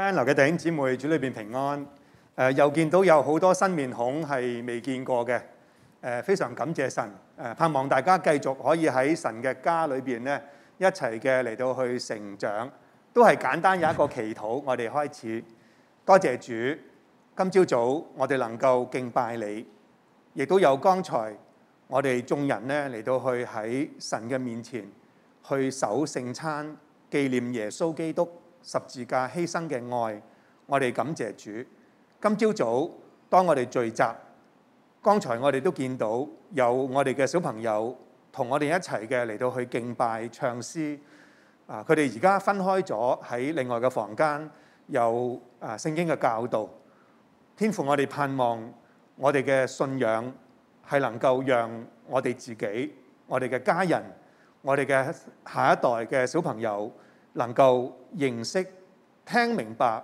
翻來嘅弟兄姊妹，主裏面平安。誒、呃，又見到有好多新面孔係未見過嘅，誒、呃，非常感謝神。誒、呃，盼望大家繼續可以喺神嘅家裏面咧，一齊嘅嚟到去成長。都係簡單有一個祈禱， 我哋開始。多謝主，今朝早，早我哋能夠敬拜你，亦都有剛才我哋眾人咧嚟到去喺神嘅面前去守聖餐，紀念耶穌基督。十字架犧牲嘅愛，我哋感謝主。今朝早，早當我哋聚集，剛才我哋都見到有我哋嘅小朋友同我哋一齊嘅嚟到去敬拜唱詩。啊，佢哋而家分開咗喺另外嘅房間，有啊聖經嘅教導，天父，我哋盼望我哋嘅信仰係能夠讓我哋自己、我哋嘅家人、我哋嘅下一代嘅小朋友。能夠認識、聽明白，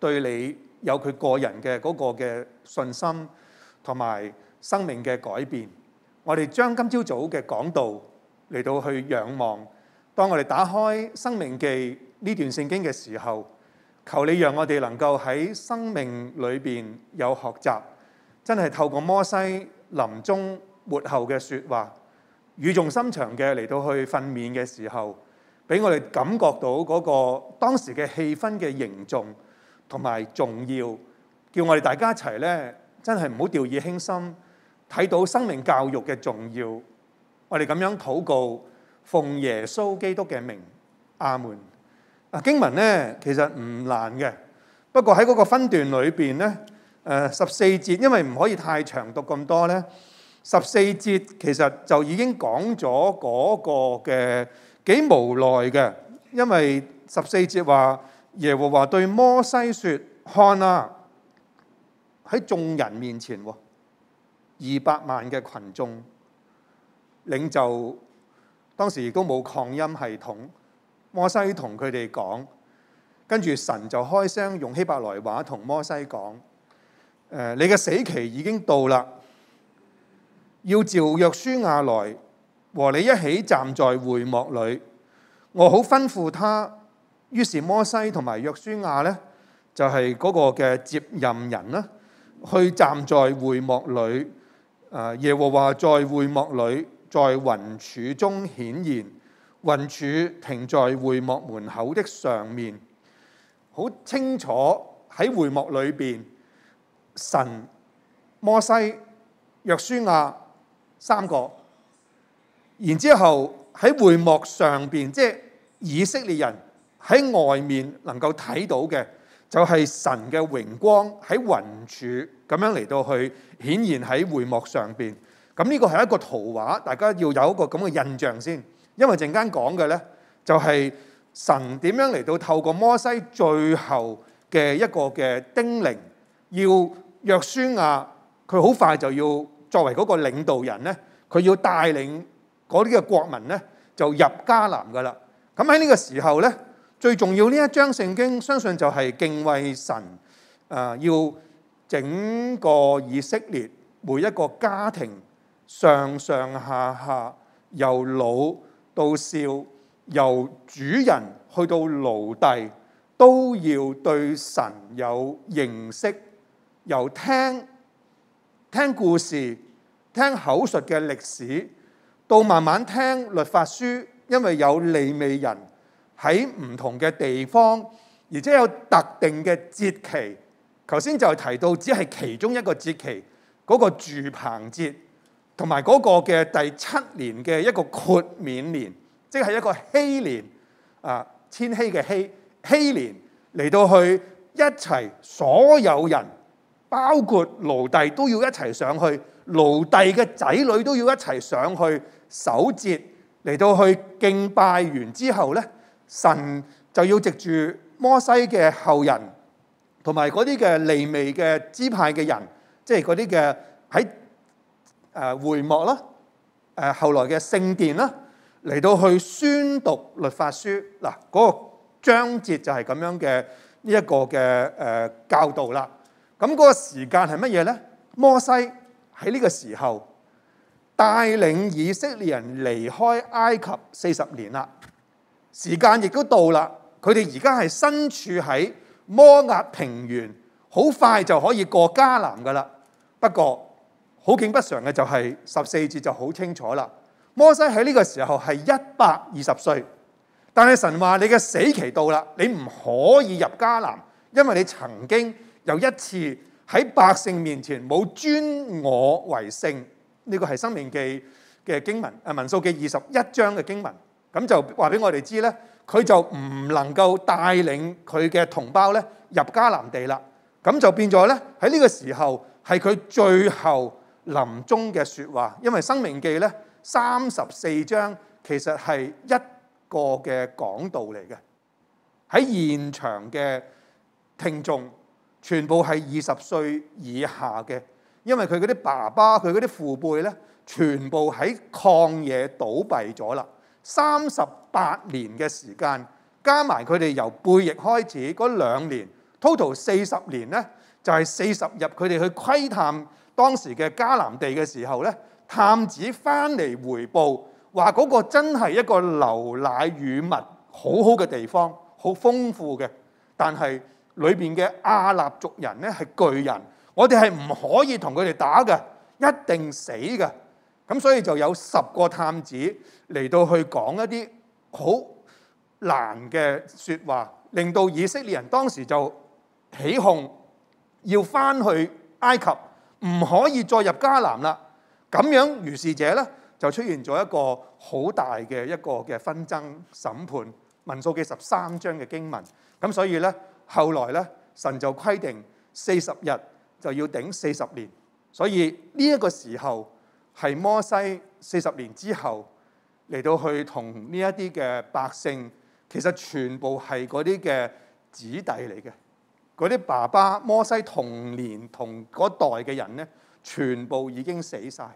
對你有佢個人嘅嗰個嘅信心同埋生命嘅改變。我哋將今朝早嘅講道嚟到去仰望。當我哋打開《申命記》呢段聖經嘅時候，求你讓我哋能夠喺生命裏邊有學習。真係透過摩西臨終末後嘅説話，語重心長嘅嚟到去訓勉嘅時候。俾我哋感覺到嗰個當時嘅氣氛嘅凝重同埋重要，叫我哋大家一齊咧，真係唔好掉以輕心，睇到生命教育嘅重要。我哋咁樣禱告，奉耶穌基督嘅名，阿門。啊，經文咧其實唔難嘅，不過喺嗰個分段裏面咧，誒，十四節，因為唔可以太長讀咁多咧，十四節其實就已經講咗嗰個嘅。幾無奈嘅，因為十四節話耶和華對摩西說：看啊，喺眾人面前，二百萬嘅群眾，領袖，當時亦都冇擴音系統。摩西同佢哋講，跟住神就開聲用希伯來話同摩西講：誒，你嘅死期已經到啦，要召約書亞來。和你一起站在會幕裏，我好吩咐他。於是摩西同埋約書亞呢，就係嗰個嘅接任人啦，去站在會幕裏。耶和華在會幕裏，在雲柱中顯現，雲柱停在會幕門口的上面。好清楚喺會幕裏邊，神、摩西、約書亞三個。然之後喺會幕上面，即係以色列人喺外面能夠睇到嘅，就係神嘅榮光喺雲柱咁樣嚟到去顯現喺會幕上面。咁呢個係一個圖畫，大家要有一個咁嘅印象先。因為陣間講嘅呢，就係神點樣嚟到透過摩西最後嘅一個嘅叮嚀，要約書亞佢好快就要作為嗰個領導人呢，佢要帶領。嗰啲嘅國民咧就入迦南㗎喇。咁喺呢個時候咧，最重要呢一章聖經，相信就係敬畏神。誒，要整個以色列每一個家庭上上下下，由老到少，由主人去到奴隸，都要對神有認識，由聽聽故事、聽口述嘅歷史。到慢慢聽律法書，因為有利未人喺唔同嘅地方，而且有特定嘅節期。頭先就提到，只係其中一個節期，嗰個住棚節，同埋嗰個嘅第七年嘅一個豁免年，即係一個禧年啊，千禧嘅禧，禧年嚟到去一齊所有人，包括奴隸都要一齊上去，奴隸嘅仔女都要一齊上去。首節嚟到去敬拜完之後咧，神就要藉住摩西嘅後人同埋嗰啲嘅利未嘅支派嘅人，即係嗰啲嘅喺誒會幕啦、誒後來嘅聖殿啦，嚟到去宣讀律法書。嗱，嗰個章節就係咁樣嘅呢一個嘅誒教導啦。咁嗰個時間係乜嘢咧？摩西喺呢個時候，帶領以色列人離開埃及四十年啦，時間亦都到啦。佢哋而家係身處喺摩押平原，好快就可以過迦南噶啦。不過好景不常嘅就係，十四節就好清楚啦。摩西喺呢個時候係一百二十歲，但係神話你嘅死期到啦，你唔可以入迦南，因為你曾經有一次喺百姓面前冇尊我為聖。呢、這個係《申命記》嘅經文，啊民數記二十一章嘅經文，咁就話俾我哋知咧，佢就唔能夠帶領佢嘅同胞咧入迦南地啦，咁就變咗咧，喺呢個時候係佢最後臨終嘅説話，因為《申命記》咧三十四章其實係一個嘅講道嚟嘅，喺現場嘅聽眾全部係二十歲以下嘅。因為佢嗰啲爸爸，佢嗰啲父輩咧，全部喺曠野倒閉咗啦。三十八年嘅時間，加埋佢哋由背翼開始嗰兩年，total 四十年咧，就係四十日。佢哋去窺探當時嘅迦南地嘅時候咧，探子翻嚟回報話嗰個真係一個流奶與蜜好好嘅地方，好豐富嘅，但係裏邊嘅亞納族人咧係巨人。我哋係唔可以同佢哋打嘅，一定死嘅。咁所以就有十個探子嚟到去講一啲好難嘅説話，令到以色列人當時就起哄：「要翻去埃及，唔可以再入迦南啦。」咁樣預示者咧就出現咗一個好大嘅一個嘅紛爭審判，民數記十三章嘅經文。咁所以咧，後來咧，神就規定四十日。就要頂四十年，所以呢一個時候係摩西四十年之後嚟到去同呢一啲嘅百姓，其實全部係嗰啲嘅子弟嚟嘅，嗰啲爸爸摩西童年同年同嗰代嘅人咧，全部已經死晒。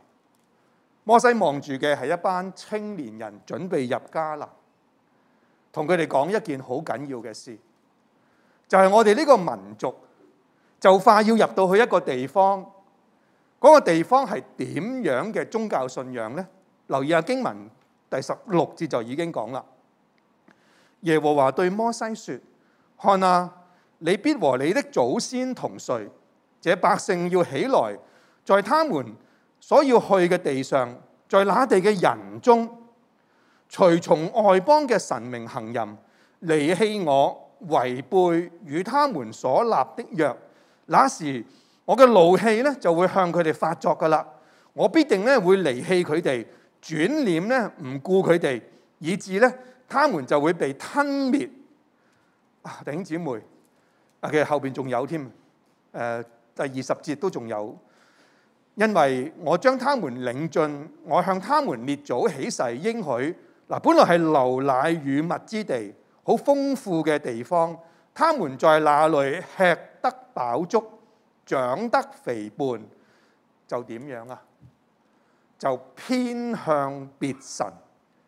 摩西望住嘅係一班青年人準備入迦南啦，同佢哋講一件好緊要嘅事，就係、是、我哋呢個民族。就快要入到去一個地方，嗰、那個地方係點樣嘅宗教信仰呢？留意下、啊、經文第十六節就已經講啦。耶和華對摩西說，看啊，你必和你的祖先同睡，這百姓要起來，在他們所要去嘅地上，在那地嘅人中，隨從外邦嘅神明行淫，離棄我，違背與他們所立的約。那時我嘅怒氣咧就會向佢哋發作嘅啦，我必定咧會離棄佢哋，轉臉咧唔顧佢哋，以致咧他們就會被吞滅。弟兄姊妹，啊，其實後邊仲有添，誒、呃，第二十節都仲有，因為我將他們領進，我向他們列祖起誓應許，嗱，本來係流奶與蜜之地，好豐富嘅地方。他們在那裏吃得飽足，長得肥胖，就點樣啊？就偏向別神，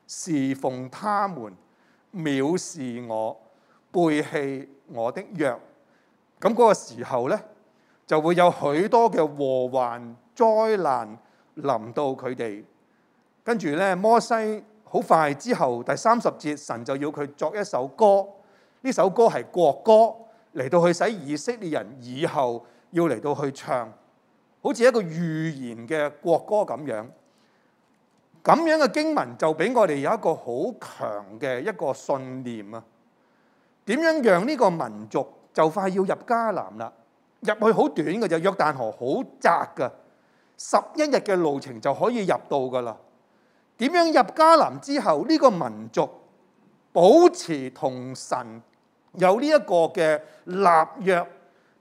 侍奉他們，藐視我，背棄我的約。咁嗰個時候呢，就會有許多嘅禍患災難臨到佢哋。跟住咧，摩西好快之後，第三十節，神就要佢作一首歌。呢首歌係國歌，嚟到去使以色列人以後要嚟到去唱，好似一個預言嘅國歌咁樣。咁樣嘅經文就俾我哋有一個好強嘅一個信念啊！點樣讓呢個民族就快要入迦南啦？入去好短嘅，就約旦河好窄噶，十一日嘅路程就可以入到噶啦。點樣入迦南之後呢個民族保持同神？有呢一個嘅立約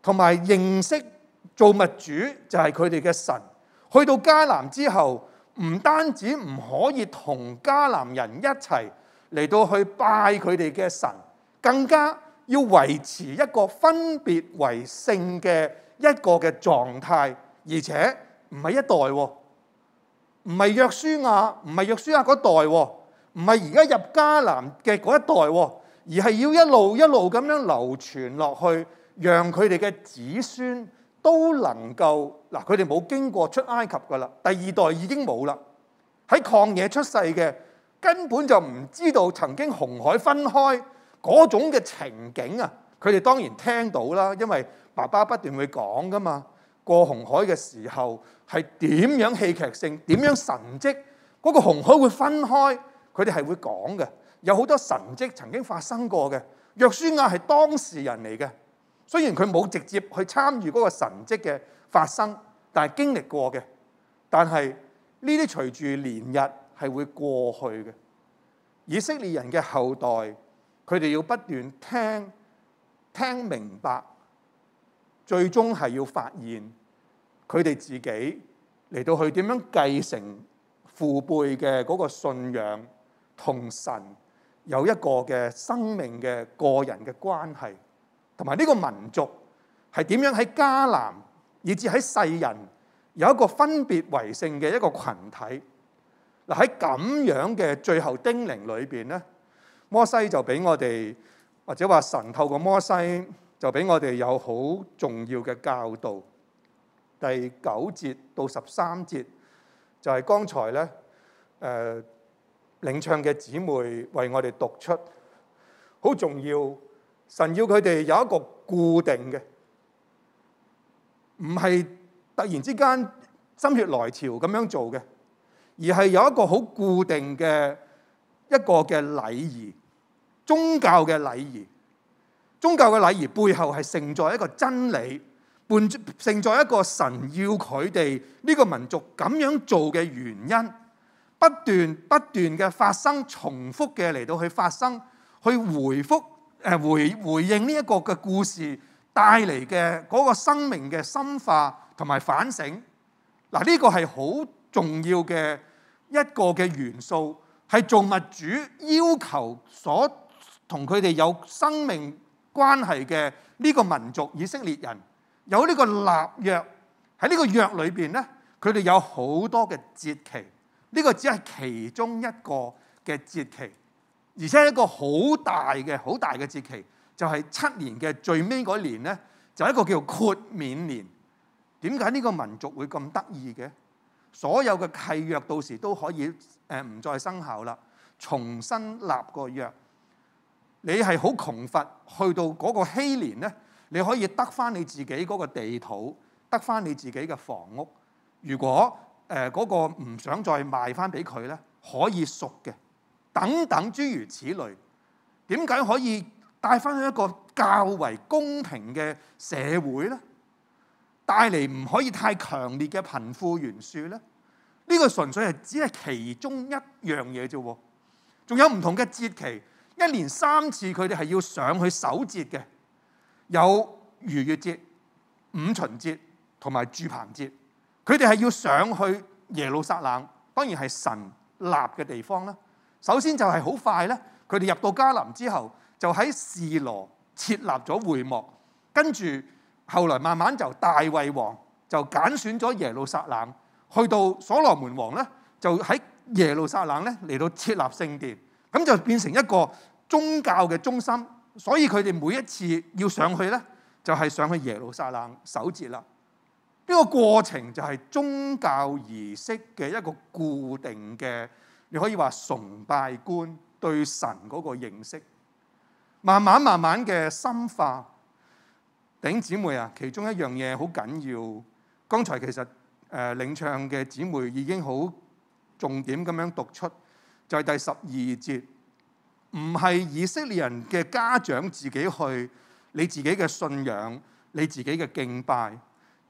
同埋認識造物主就係佢哋嘅神。去到迦南之後，唔單止唔可以同迦南人一齊嚟到去拜佢哋嘅神，更加要維持一個分別為聖嘅一個嘅狀態，而且唔係一代喎，唔係約書亞，唔係約書亞嗰代喎，唔係而家入迦南嘅嗰一代喎。而係要一路一路咁樣流傳落去，讓佢哋嘅子孫都能夠。嗱，佢哋冇經過出埃及㗎啦，第二代已經冇啦，喺曠野出世嘅根本就唔知道曾經紅海分開嗰種嘅情景啊！佢哋當然聽到啦，因為爸爸不斷會講㗎嘛，過紅海嘅時候係點樣戲劇性、點樣神蹟，嗰個紅海會分開，佢哋係會講嘅。有好多神蹟曾經發生過嘅，約書亞係當事人嚟嘅，雖然佢冇直接去參與嗰個神蹟嘅發生，但係經歷過嘅。但係呢啲隨住年日係會過去嘅。以色列人嘅後代，佢哋要不斷聽聽明白，最終係要發現佢哋自己嚟到去點樣繼承父輩嘅嗰個信仰同神。有一個嘅生命嘅個人嘅關係，同埋呢個民族係點樣喺迦南，以至喺世人有一個分別為聖嘅一個羣體。嗱，喺咁樣嘅最後叮嚀裏邊咧，摩西就俾我哋或者話神透過摩西就俾我哋有好重要嘅教導。第九節到十三節就係剛才咧，誒。領唱嘅姊妹為我哋讀出好重要，神要佢哋有一個固定嘅，唔係突然之間心血來潮咁樣做嘅，而係有一個好固定嘅一個嘅禮儀，宗教嘅禮儀，宗教嘅禮儀背後係承載一個真理，伴承載一個神要佢哋呢個民族咁樣做嘅原因。不斷不斷嘅發生，重複嘅嚟到去發生，去回覆誒、呃、回回應呢一個嘅故事帶嚟嘅嗰個生命嘅深化同埋反省嗱，呢、這個係好重要嘅一個嘅元素，係造物主要求所同佢哋有生命關係嘅呢個民族以色列人有呢個立約喺呢個約裏邊咧，佢哋有好多嘅節期。呢、這個只係其中一個嘅節期，而且一個好大嘅好大嘅節期，就係、是、七年嘅最尾嗰年呢就一個叫豁免年。點解呢個民族會咁得意嘅？所有嘅契約到時都可以誒唔再生效啦，重新立個約。你係好窮乏，去到嗰個禧年呢，你可以得返你自己嗰個地土，得返你自己嘅房屋。如果誒、呃、嗰、那個唔想再賣翻俾佢咧，可以熟嘅等等諸如此類，點解可以帶翻去一個較為公平嘅社會咧？帶嚟唔可以太強烈嘅貧富懸殊咧？呢、這個純粹係只係其中一樣嘢啫喎，仲有唔同嘅節期，一年三次佢哋係要上去守節嘅，有逾越節、五旬節同埋住棚節。佢哋係要上去耶路撒冷，當然係神立嘅地方啦。首先就係好快咧，佢哋入到迦南之後，就喺示羅設立咗會幕。跟住後，後來慢慢就大衛王就揀選咗耶路撒冷，去到所羅門王咧就喺耶路撒冷咧嚟到設立聖殿，咁就變成一個宗教嘅中心。所以佢哋每一次要上去咧，就係、是、上去耶路撒冷守節啦。呢個過程就係宗教儀式嘅一個固定嘅，你可以話崇拜觀對神嗰個認識，慢慢慢慢嘅深化。弟兄姊妹啊，其中一樣嘢好緊要。剛才其實誒領唱嘅姊妹已經好重點咁樣讀出，就係第十二節，唔係以色列人嘅家長自己去，你自己嘅信仰，你自己嘅敬拜。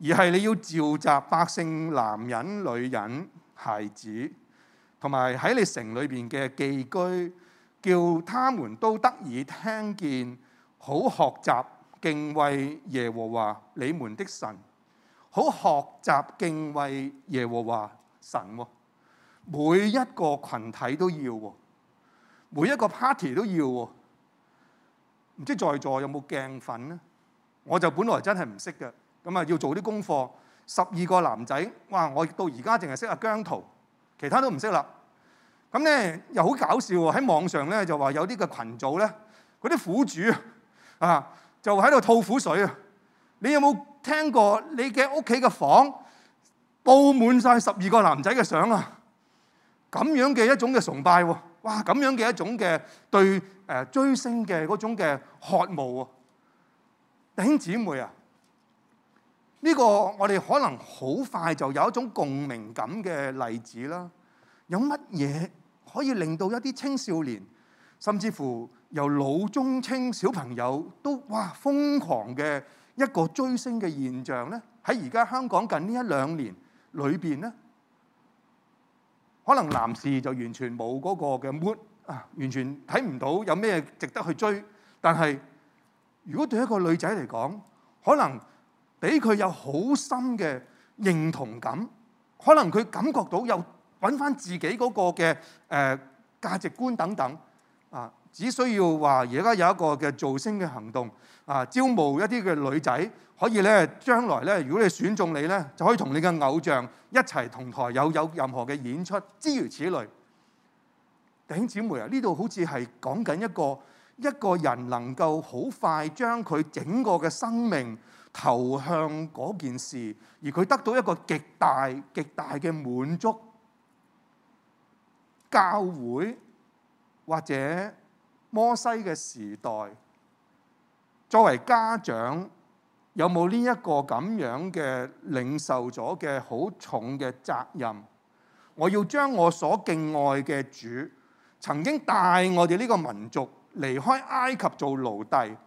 而係你要召集百姓、男人、女人、孩子，同埋喺你城裏邊嘅寄居，叫他們都得以聽見，好學習敬畏耶和華你們的神，好學習敬畏耶和華神。每一個群體都要，每一個 party 都要，唔知在座有冇鏡粉咧？我就本來真係唔識嘅。咁啊，要做啲功課。十二個男仔，哇！我到而家淨係識阿姜濤，其他都唔識啦。咁咧又好搞笑喎！喺網上咧就話有啲嘅群組咧，嗰啲苦主啊，就喺度吐苦水啊！你有冇聽過你嘅屋企嘅房佈滿晒十二個男仔嘅相啊？咁樣嘅一種嘅崇拜喎，哇！咁樣嘅一種嘅對誒追星嘅嗰種嘅渴慕啊，弟兄姊妹啊！呢、這個我哋可能好快就有一種共鳴感嘅例子啦。有乜嘢可以令到一啲青少年，甚至乎由老中青小朋友都哇瘋狂嘅一個追星嘅現象呢？喺而家香港近呢一兩年裏邊呢，可能男士就完全冇嗰個嘅 mood 啊，完全睇唔到有咩值得去追。但係如果對一個女仔嚟講，可能。俾佢有好深嘅認同感，可能佢感覺到有揾翻自己嗰個嘅誒、呃、價值觀等等啊！只需要話而家有一個嘅造星嘅行動啊，招募一啲嘅女仔，可以咧將來咧，如果你選中你咧，就可以同你嘅偶像一齊同台有有任何嘅演出，諸如此類。弟兄姊妹啊，呢度好似係講緊一個一個人能夠好快將佢整個嘅生命。投向嗰件事，而佢得到一個極大極大嘅滿足。教會或者摩西嘅時代，作為家長有冇呢一個咁樣嘅領受咗嘅好重嘅責任？我要將我所敬愛嘅主曾經帶我哋呢個民族離開埃及做奴隸，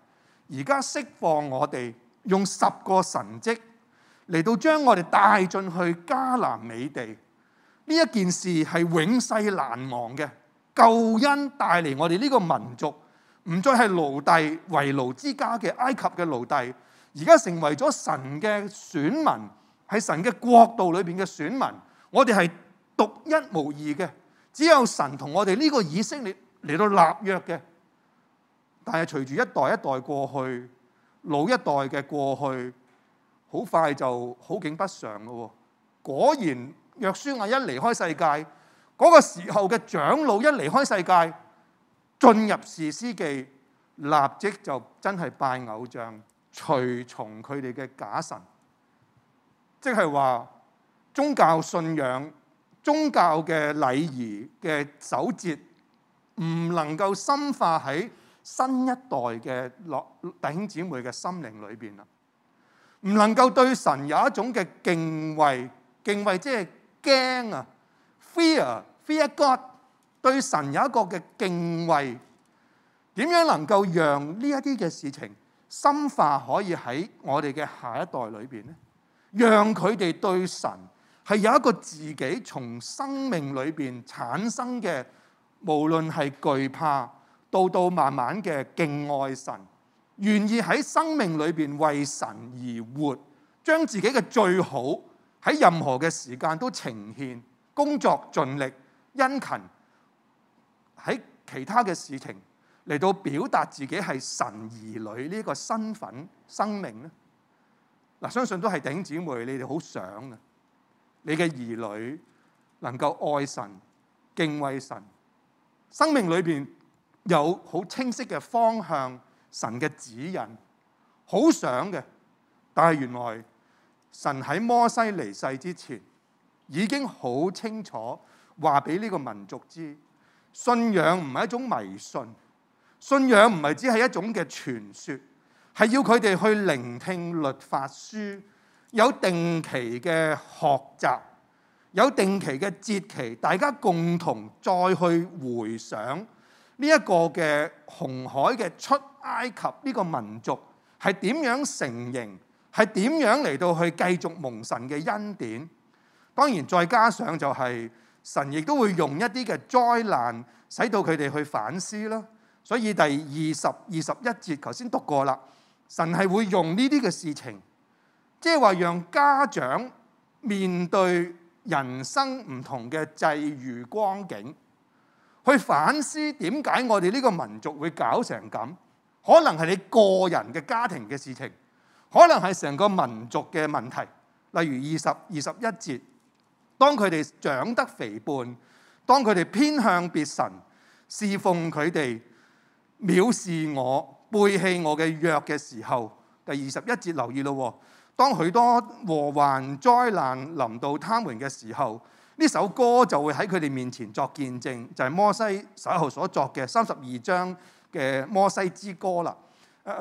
而家釋放我哋。用十個神蹟嚟到將我哋帶進去迦南美地，呢一件事係永世難忘嘅。救恩帶嚟我哋呢個民族，唔再係奴隸為奴之家嘅埃及嘅奴隸，而家成為咗神嘅選民，喺神嘅國度裏邊嘅選民。我哋係獨一無二嘅，只有神同我哋呢個以色列嚟到立約嘅。但係隨住一代一代過去。老一代嘅過去，好快就好景不常咯。果然，約書亞一離開世界，嗰、那個時候嘅長老一離開世界，進入士師記，立即就真係拜偶像，隨從佢哋嘅假神。即係話宗教信仰、宗教嘅禮儀嘅守節，唔能夠深化喺新一代嘅落弟兄姊妹嘅心靈裏面，啦，唔能夠對神有一種嘅敬畏，敬畏即係驚啊，Fear, Fear God，對神有一個嘅敬畏，點樣能夠讓呢一啲嘅事情深化可以喺我哋嘅下一代裏面呢？讓佢哋對神係有一個自己從生命裏面產生嘅，無論係懼怕。到到慢慢嘅敬愛神，願意喺生命裏邊為神而活，將自己嘅最好喺任何嘅時間都呈現，工作盡力殷勤，喺其他嘅事情嚟到表達自己係神兒女呢個身份生命咧。嗱，相信都係弟兄姊妹，你哋好想啊，你嘅兒女能夠愛神、敬畏神，生命裏邊，有好清晰嘅方向，神嘅指引，好想嘅，但係原來神喺摩西離世之前，已經好清楚話俾呢個民族知，信仰唔係一種迷信，信仰唔係只係一種嘅傳說，係要佢哋去聆聽律法書，有定期嘅學習，有定期嘅節期，大家共同再去回想。呢、這、一個嘅紅海嘅出埃及呢個民族係點樣成形？係點樣嚟到去繼續蒙神嘅恩典？當然再加上就係神亦都會用一啲嘅災難，使到佢哋去反思啦。所以第二十二十一節頭先讀過啦，神係會用呢啲嘅事情，即係話讓家長面對人生唔同嘅際遇光景。去反思點解我哋呢個民族會搞成咁？可能係你個人嘅家庭嘅事情，可能係成個民族嘅問題。例如二十二十一節，當佢哋長得肥胖，當佢哋偏向別神，侍奉佢哋藐視我、背棄我嘅約嘅時候。第二十一節留意咯，當許多禍患災難臨到他們嘅時候。呢首歌就會喺佢哋面前作見證，就係、是、摩西死後所作嘅三十二章嘅摩西之歌啦。嚟、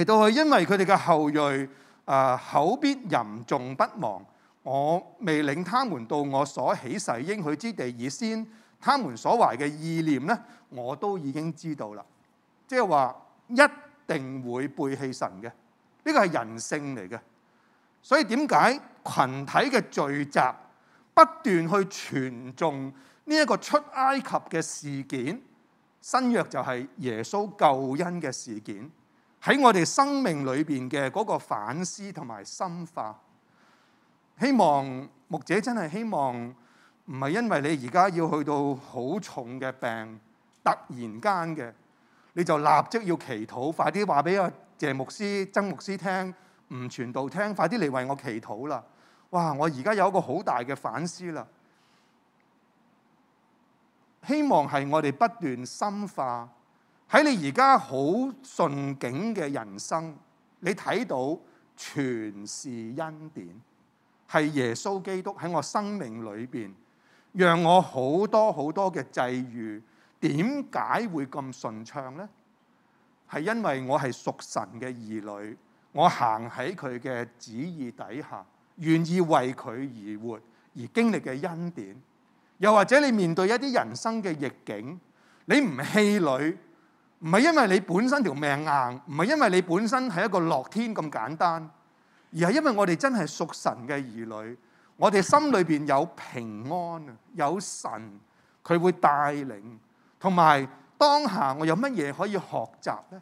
啊、到去，因為佢哋嘅後裔啊口必吟頌不忘，我未領他們到我所起誓應許之地以，而先他們所懷嘅意念咧，我都已經知道啦。即係話一定會背棄神嘅，呢、這個係人性嚟嘅。所以點解群體嘅聚集？不斷去傳頌呢一個出埃及嘅事件，新約就係耶穌救恩嘅事件，喺我哋生命裏邊嘅嗰個反思同埋深化。希望牧者真係希望，唔係因為你而家要去到好重嘅病，突然間嘅你就立即要祈禱，快啲話俾阿謝牧師、曾牧師聽，吳傳道聽，快啲嚟為我祈禱啦。哇！我而家有一個好大嘅反思啦，希望係我哋不斷深化喺你而家好順境嘅人生，你睇到全是恩典，係耶穌基督喺我生命裏面讓我好多好多嘅際遇，點解會咁順暢呢？係因為我係屬神嘅兒女，我行喺佢嘅旨意底下。願意為佢而活而經歷嘅恩典，又或者你面對一啲人生嘅逆境，你唔氣餒，唔係因為你本身條命硬，唔係因為你本身係一個樂天咁簡單，而係因為我哋真係屬神嘅兒女，我哋心裏面有平安啊，有神佢會帶領，同埋當下我有乜嘢可以學習呢？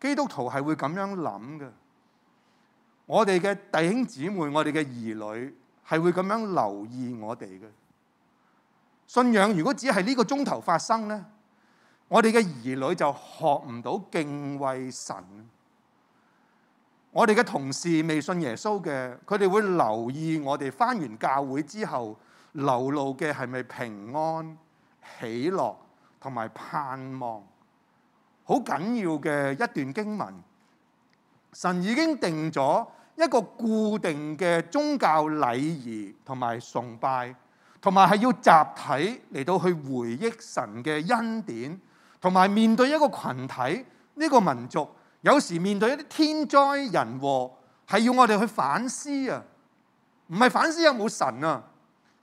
基督徒係會咁樣諗嘅。我哋嘅弟兄姊妹，我哋嘅兒女係會咁樣留意我哋嘅信仰。如果只係呢個鐘頭發生咧，我哋嘅兒女就學唔到敬畏神。我哋嘅同事未信耶穌嘅，佢哋會留意我哋返完教會之後流露嘅係咪平安、喜樂同埋盼望。好緊要嘅一段經文。神已經定咗一個固定嘅宗教禮儀同埋崇拜，同埋係要集體嚟到去回憶神嘅恩典，同埋面對一個群體呢個民族，有時面對一啲天災人禍，係要我哋去反思啊！唔係反思有冇神啊，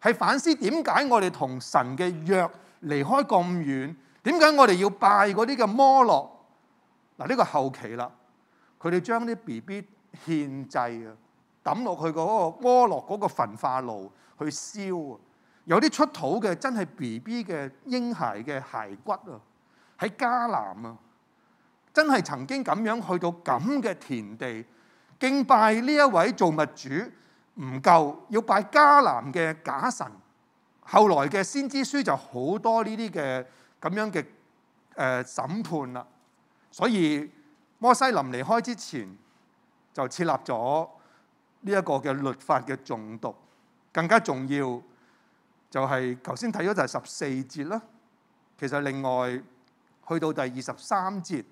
係反思點解我哋同神嘅約離開咁遠，點解我哋要拜嗰啲嘅摩洛？嗱，呢個後期啦。佢哋將啲 B B 獻祭啊，抌落去嗰個窩落嗰個焚化爐去燒啊！有啲出土嘅真係 B B 嘅嬰孩嘅骸骨啊，喺迦南啊，真係曾經咁樣去到咁嘅田地敬拜呢一位造物主唔夠，要拜迦南嘅假神。後來嘅先知書就好多呢啲嘅咁樣嘅誒、呃、審判啦，所以。摩西臨離開之前就設立咗呢一個嘅律法嘅誦讀，更加重要就係頭先睇咗就係十四節啦。其實另外去到第二十三節，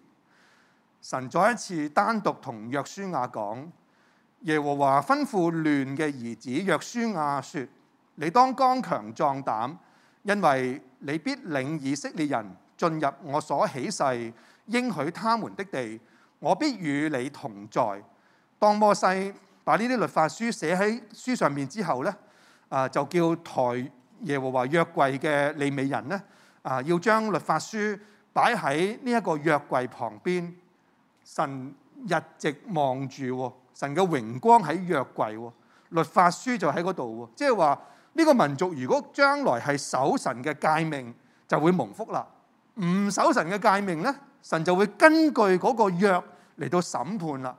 神再一次單獨同約書亞講，耶和華吩咐嫩嘅兒子約書亞說：你當剛強壯膽，因為你必領以色列人進入我所起誓應許他們的地。我必與你同在。當摩西把呢啲律法書寫喺書上面之後咧，啊，就叫抬耶和華約櫃嘅利未人咧，啊，要將律法書擺喺呢一個約櫃旁邊。神一直望住，神嘅榮光喺約櫃，律法書就喺嗰度。即係話呢個民族如果將來係守神嘅誡命，就會蒙福啦。唔守神嘅誡命咧？神就會根據嗰個約嚟到審判啦，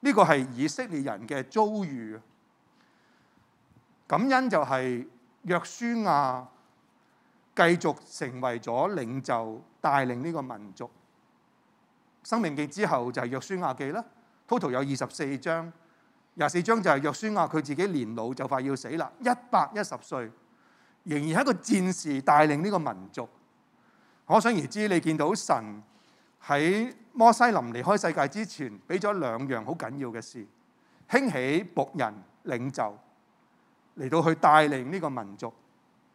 呢個係以色列人嘅遭遇。感恩就係約書亞繼續成為咗領袖帶領呢個民族。《申命記》之後就係《約書亞記》啦，total 有二十四章，廿四章就係約書亞佢自己年老就快要死啦，一百一十歲，仍然係一個戰士帶領呢個民族。可想而知，你見到神。喺摩西林離開世界之前，俾咗兩樣好緊要嘅事：興起僕人領袖嚟到去帶領呢個民族。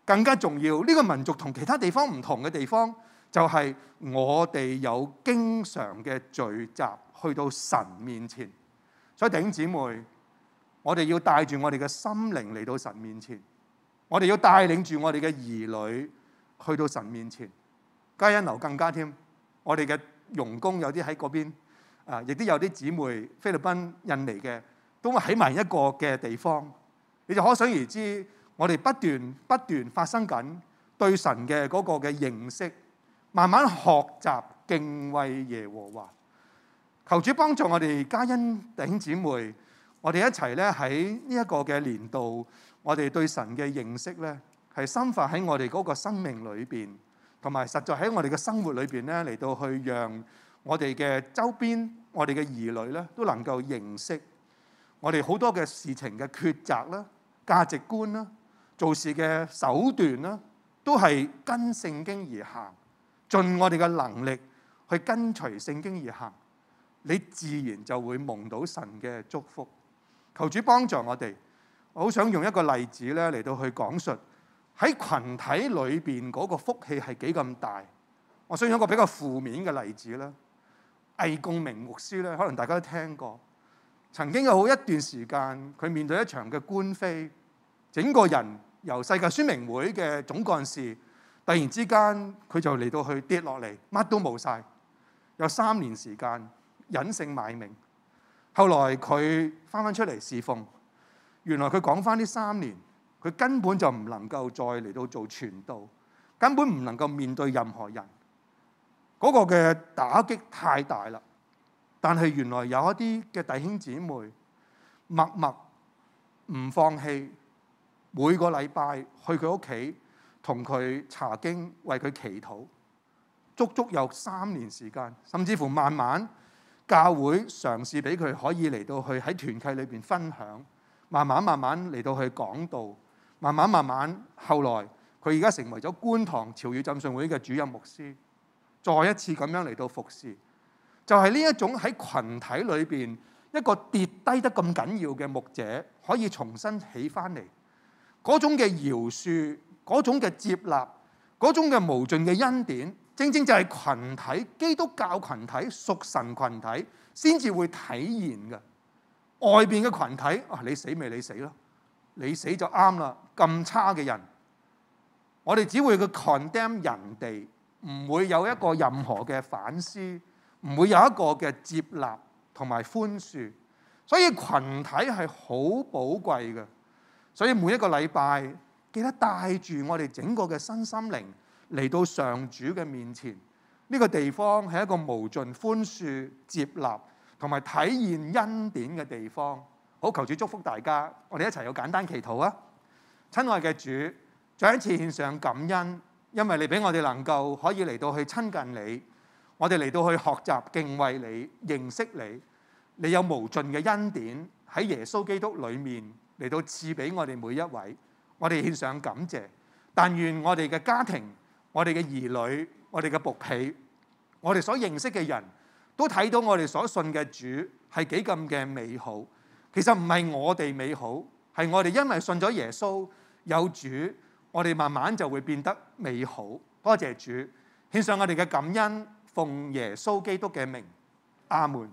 更加重要，呢、這個民族同其他地方唔同嘅地方，就係、是、我哋有經常嘅聚集去到神面前。所以頂姊妹，我哋要帶住我哋嘅心靈嚟到神面前。我哋要帶領住我哋嘅兒女去到神面前。加恩樓更加添，我哋嘅。傭工有啲喺嗰邊，啊，亦都有啲姊妹菲律賓、印尼嘅，都會喺埋一個嘅地方。你就可想而知，我哋不斷不斷發生緊對神嘅嗰個嘅認識，慢慢學習敬畏耶和華。求主幫助我哋，加恩弟兄姊妹，我哋一齊咧喺呢一個嘅年度，我哋對神嘅認識咧係深化喺我哋嗰個生命裏邊。同埋，實在喺我哋嘅生活裏面，咧，嚟到去讓我哋嘅周邊，我哋嘅兒女咧，都能夠認識我哋好多嘅事情嘅抉擇啦、價值觀啦、做事嘅手段啦，都係跟聖經而行，盡我哋嘅能力去跟隨聖經而行，你自然就會蒙到神嘅祝福。求主幫助我哋。我好想用一個例子咧嚟到去講述。喺群體裏邊嗰個福氣係幾咁大？我想一個比較負面嘅例子啦。魏共明牧師咧，可能大家都聽過。曾經有好一段時間，佢面對一場嘅官非，整個人由世界宣明會嘅總幹事，突然之間佢就嚟到去跌落嚟，乜都冇晒。有三年時間隱姓埋名，後來佢翻翻出嚟侍奉。原來佢講翻呢三年。佢根本就唔能夠再嚟到做傳道，根本唔能夠面對任何人，嗰個嘅打擊太大啦。但係原來有一啲嘅弟兄姊妹默默唔放棄，每個禮拜去佢屋企同佢查經，為佢祈禱，足足有三年時間，甚至乎慢慢教會嘗試俾佢可以嚟到去喺團契裏面分享，慢慢慢慢嚟到去講道。慢慢慢慢，後來佢而家成為咗觀塘潮語浸信會嘅主任牧師，再一次咁樣嚟到服侍，就係呢一種喺群體裏邊一個跌低得咁緊要嘅牧者，可以重新起翻嚟嗰種嘅饒恕，嗰種嘅接納，嗰種嘅無盡嘅恩典，正正就係群體基督教群體屬神群體先至會體現嘅。外邊嘅群體啊，你死咪你死咯，你死就啱啦。咁差嘅人，我哋只會去 condemn 人哋，唔會有一個任何嘅反思，唔會有一個嘅接納同埋寬恕。所以群體係好寶貴嘅。所以每一個禮拜，記得帶住我哋整個嘅新心靈嚟到上主嘅面前。呢個地方係一個無盡寬恕、接納同埋體驗恩典嘅地方。好，求主祝福大家。我哋一齊有簡單祈禱啊！親愛嘅主，再一次獻上感恩，因為你俾我哋能夠可以嚟到去親近你，我哋嚟到去學習敬畏你、認識你。你有無盡嘅恩典喺耶穌基督裏面嚟到賜俾我哋每一位，我哋獻上感謝。但願我哋嘅家庭、我哋嘅兒女、我哋嘅僕婢、我哋所認識嘅人都睇到我哋所信嘅主係幾咁嘅美好。其實唔係我哋美好，係我哋因為信咗耶穌。有主，我哋慢慢就會變得美好。多謝主，獻上我哋嘅感恩，奉耶穌基督嘅名，阿門。